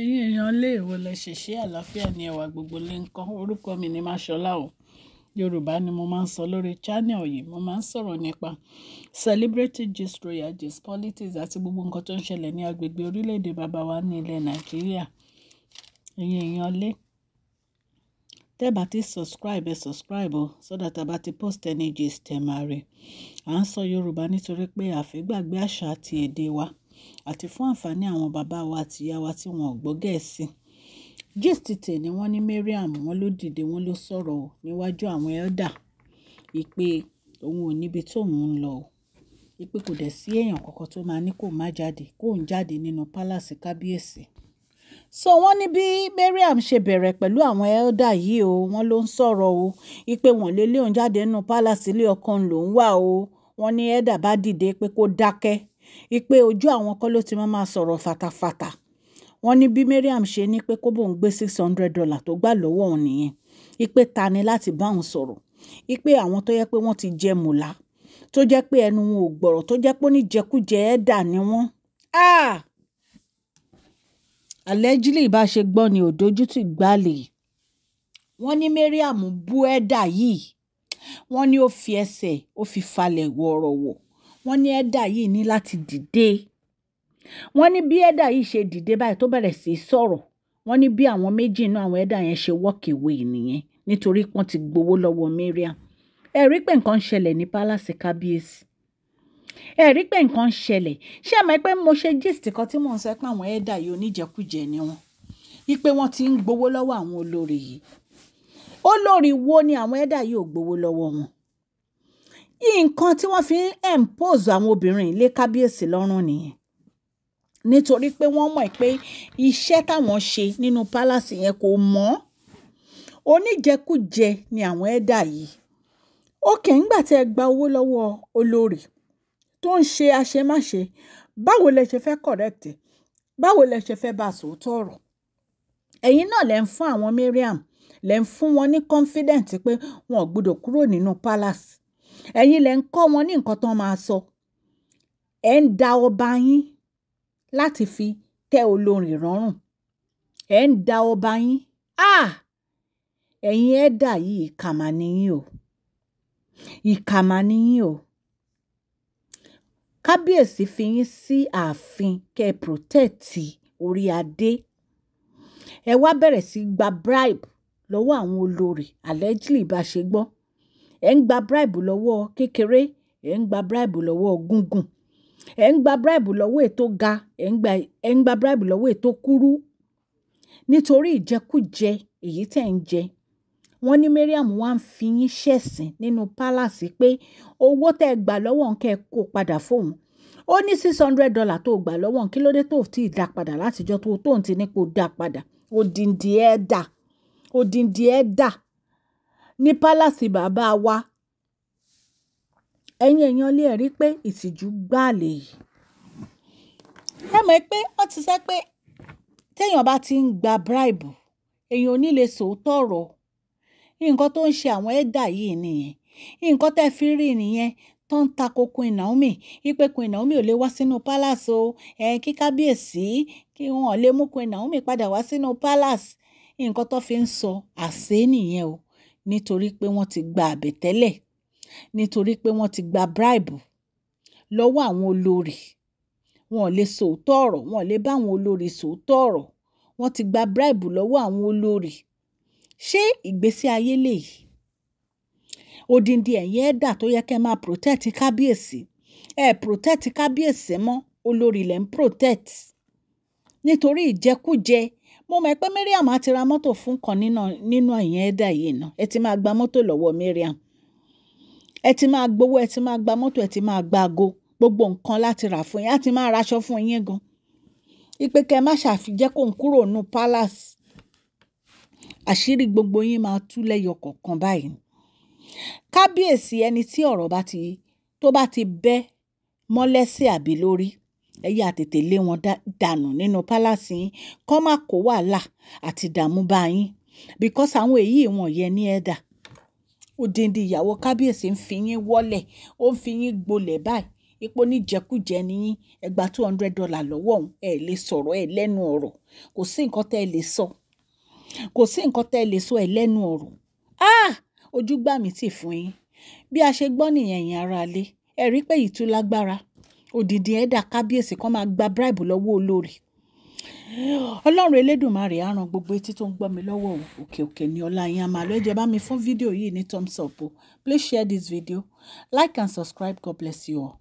ẹ̀yin èèyàn lè wo lẹ ṣèṣe àlàáfíà ni ẹwà gbogbo lè ń kọ́ orúkọ mi ni máṣọlá o yorùbá ni mo máa ń sọ lórí channel yìí mo máa ń sọ̀rọ̀ nípa celebrity gist royal politics àti gbogbo nǹkan tó ń ṣẹlẹ̀ ní agbègbè orílẹ̀-èdè bàbá wa ní ilẹ̀ nàìjíríà ẹ̀yin èèyàn lé tẹ́ ti subscribe ẹ subscribe o so that a ti post energy gist ẹ máa rí à ń sọ yorùbá nítorí pé àfẹ́gbàgbé àṣà àti èdè wa àti fún àǹfààní àwọn bàbá wa àti ìyá wa tí wọn ò gbọ́ gẹ̀ẹ́sì. Gist tè ní wọ́n ní Mariam wọ́n ló dìde wọ́n ló sọ̀rọ̀ níwájú àwọn ẹ́lda ìpè òun ò níbi tóun ń lọ ìpè kò dẹ̀ sí èèyàn kankan tó máa ní kó má jáde kó ń jáde nínú pálásì kábíyèsí. so wọ́n ní bí Mariam ṣe bẹ̀rẹ̀ pẹ̀lú àwọn ẹ́lda yìí o wọ́n ló ń sọ̀rọ̀ o ìpè wọ́n lé léun jáde nínú pálásì ilé ọkàn lòún wà o wọ́n ní ẹ́lda bá dìde pé kó dákẹ́ ipe ojú àwọn kọ́ ló ti máa máa sọ̀rọ̀ fatafata wọ́n ní bí Mariam ṣe ní pé kó bóun gbé six hundred dollar tó gbà lọ́wọ́ òun nìyẹn ipe ta ni láti bá òun sọ̀rọ̀ ipe àwọn tó yẹ pé wọ́n ti jẹ mùlá tó jẹ́ pé ẹnu wọn ò gbọ̀rọ̀ tó jẹ́ pé oníjẹkújẹ ẹ̀dà ni wọ́n. Ah! allegedly ìbá ṣe gbọ́ ni òdójútì gbàlè wọ́n ní Mariam bú ẹ̀dà yìí wọ́n ní ó fi ẹsẹ̀ ó fi falẹ̀ wọ̀rọ̀wọ̀ wọ́n ní ẹ̀dà yìí ní láti dìde wọ́n ní bí ẹ̀dà yìí ṣe dìde báyìí tó bẹ̀rẹ̀ sí í sọ̀rọ̀ wọ́n ní bí àwọn méjì inú àwọn ẹ̀dà yẹn ṣe walk away nìyẹn nítorí wọ́n ti gbowó lọ́wọ́ Mariam ẹ rí pé nǹkan ń ṣẹlẹ̀ ní pálásì kábíyèsí ẹ rí pé nǹkan ń ṣẹlẹ̀ ṣé àmọ́ pé mo ṣe gist kan tí mò ń sọ àwọn ẹ̀dà yìí oníjẹkújẹ ni wọn wípé wọ́n ti ń gbowó lọ́wọ́ àwọn olórí yìí olórí wo ni àwọn ẹ̀dà yìí ò gbowó lọ́wọ́ wọn nǹkan tí wọ́n fi ń impose àwọn obìnrin lé kábíyèsí lọ́rùn nìyẹn nítorí pé wọ́n mọ̀ pé iṣẹ́ táwọn ṣe nínú pálásì yẹn kò mọ́ oníjẹkújẹ ni àwọn ẹ̀dà yìí òkè ńgbà tí ẹ gba owó lọ́wọ́ olórí tó ń ṣe àṣemáṣe báwo lẹ ṣe fẹ́ correct báwo lẹ ṣe fẹ́ bá a sòótọ́ ọ̀rọ̀ ẹ̀yin náà lẹ ń fún àwọn Mariam lẹ ń fún wọn ní confident pé wọn ò gbọdọ̀ kúrò nínú palace ẹ̀yin lẹ ń kọ́ wọn ní nǹkan tán máa sọ ẹ̀ ń da ọba yín láti fi tẹ́ olórin rọrùn ẹ̀ ń da ọba yín ah ẹ̀yin ẹ̀dà yìí ìkàmà nìyí o ìkàmà nìyí o kábíyèsí fi yín sí ààfin kẹ́ ẹ protẹ́ẹ̀tì orí adé ẹ wá bẹ̀rẹ̀ sí gba bribe lọ́wọ́ àwọn olórí allegedly bá ṣe gbọ́ ẹ̀ ń gba bribe lọ́wọ́ kékeré ẹ̀ ń gba bribe lọ́wọ́ gúngùn ẹ̀ ń gba bribe lọ́wọ́ ètò ga ẹ̀ ń gba ẹ̀ ń gba bribe lọ́wọ́ ètò kúrú nítorí ìjẹkújẹ èyí tẹ̀ ń jẹ wọ́n ní Mariam wá ń fi yín ṣẹ̀sìn nínú pálásì pé owó tẹ́ ẹ gbà lọ́wọ́ ń kó padà fóun ó ní six hundred dollar tó gbà lọ́wọ́ ń kí ló dé tó ti dá padà látijọ́ tó tóun ti ní kó dá padà odindi ẹ̀ dà odindi ẹ̀ dà ní pálásì bàbá wa ẹ̀yin èèyàn lè rí pé ìtìjú gbàlè yìí ẹ mọ̀ pé wọ́n ti sẹ́ pé téèyàn bá ti ń gba bíráìbù èèyàn ò ní lè sòótọ́ ọ̀rọ̀ nǹkan tó ń ṣe àwọn ẹ̀dà yìí nìyẹn nǹkan tẹ́ fi rí nìyẹn tó ń tako Queen Naomi ipe Queen Naomi ò lè wá sínú palace o ẹ kí kábíyèsí kí wọn ò lè mú Queen Naomi padà wá sínú palace nǹkan tó fi ń sọ àṣẹ nìyẹn o nítorí pé wọ́n ti gba àbẹ̀tẹ́lẹ̀ nítorí pé wọ́n ti gba bíráìbù lọ́wọ́ àwọn olórí wọn ò lè sòótọ́ ọ̀rọ̀ wọn ò lè bá àwọn olórí sòótọ́ ọ̀rọ̀ wọ́n ti gba bíráìbù lọ́wọ́ àwọn olórí ṣé ìgbésí ayé lèyí odindi ẹ̀yin ẹ̀dà tó yẹ kẹ́ máa protect kábíyèsí ẹ̀ eh, protect kábíyèsí mọ́ olórí lẹ́ ń protect nítorí ìjẹkújẹ mo mọ̀ pé Mariam á ti ra mọ́tò fún kan nínú ìyẹn ẹ̀dà yìí náà ẹ ti máa gba mọ́tò lọ́wọ́ Mariam ẹ ti máa gbowó ẹ ti máa gba mọ́tò ẹ ti máa gba ago gbogbo nǹkan láti rà fún yín á ti máa raṣọ fún yín gan ipe kẹ má ṣàfijẹ́ kó ń kúrò nù palace àṣírí gbogbo yín máa tú lẹ́yọ kọ̀ọ̀kan báyìí kábíyèsí ẹni tí ọ̀rọ̀ bá ti tó bá ti bẹ́ mọ́lẹ́sí àbí lórí ẹ yá tètè lé wọn dànù nínú pálásì yín kọ́ má kó wàhálà àti ìdààmú bá yín because àwọn èyí wọn yẹ ní ẹ̀dà odindi ìyàwó kábíyèsí ń fi yín wọ́lẹ̀ ó ń fi yín gbolẹ̀ báyìí ipò níjẹkújẹ níyín ẹgbàá two hundred dollar lọ́wọ́ òun ẹ lè sọ̀rọ̀ ẹ lẹ́nu ọ̀rọ̀ kò sí nǹkan tẹ́ ẹ lè sọ kò sí nǹkan tẹ́ ẹ lè sọ ẹ lẹ́nu ọ̀rọ̀ ah ojú gbà mí tì fún yín bí a ṣe gbọ́ nìyẹn yẹn ara lé ẹ rí pé ìtú lágbára òdìdí ẹ̀dà kábíyèsí kan máa gba bíráìbù lọ́wọ́ olórí ọlọ́run elédùnmarè á ran gbogbo etí tó ń gbọ́ mi lọ́wọ́ òkè òkè ní ọlá yín àmà ló jẹ́ bá mi fún fídíò yìí ní thumbs up o please share this video like and subscribe god bless you all.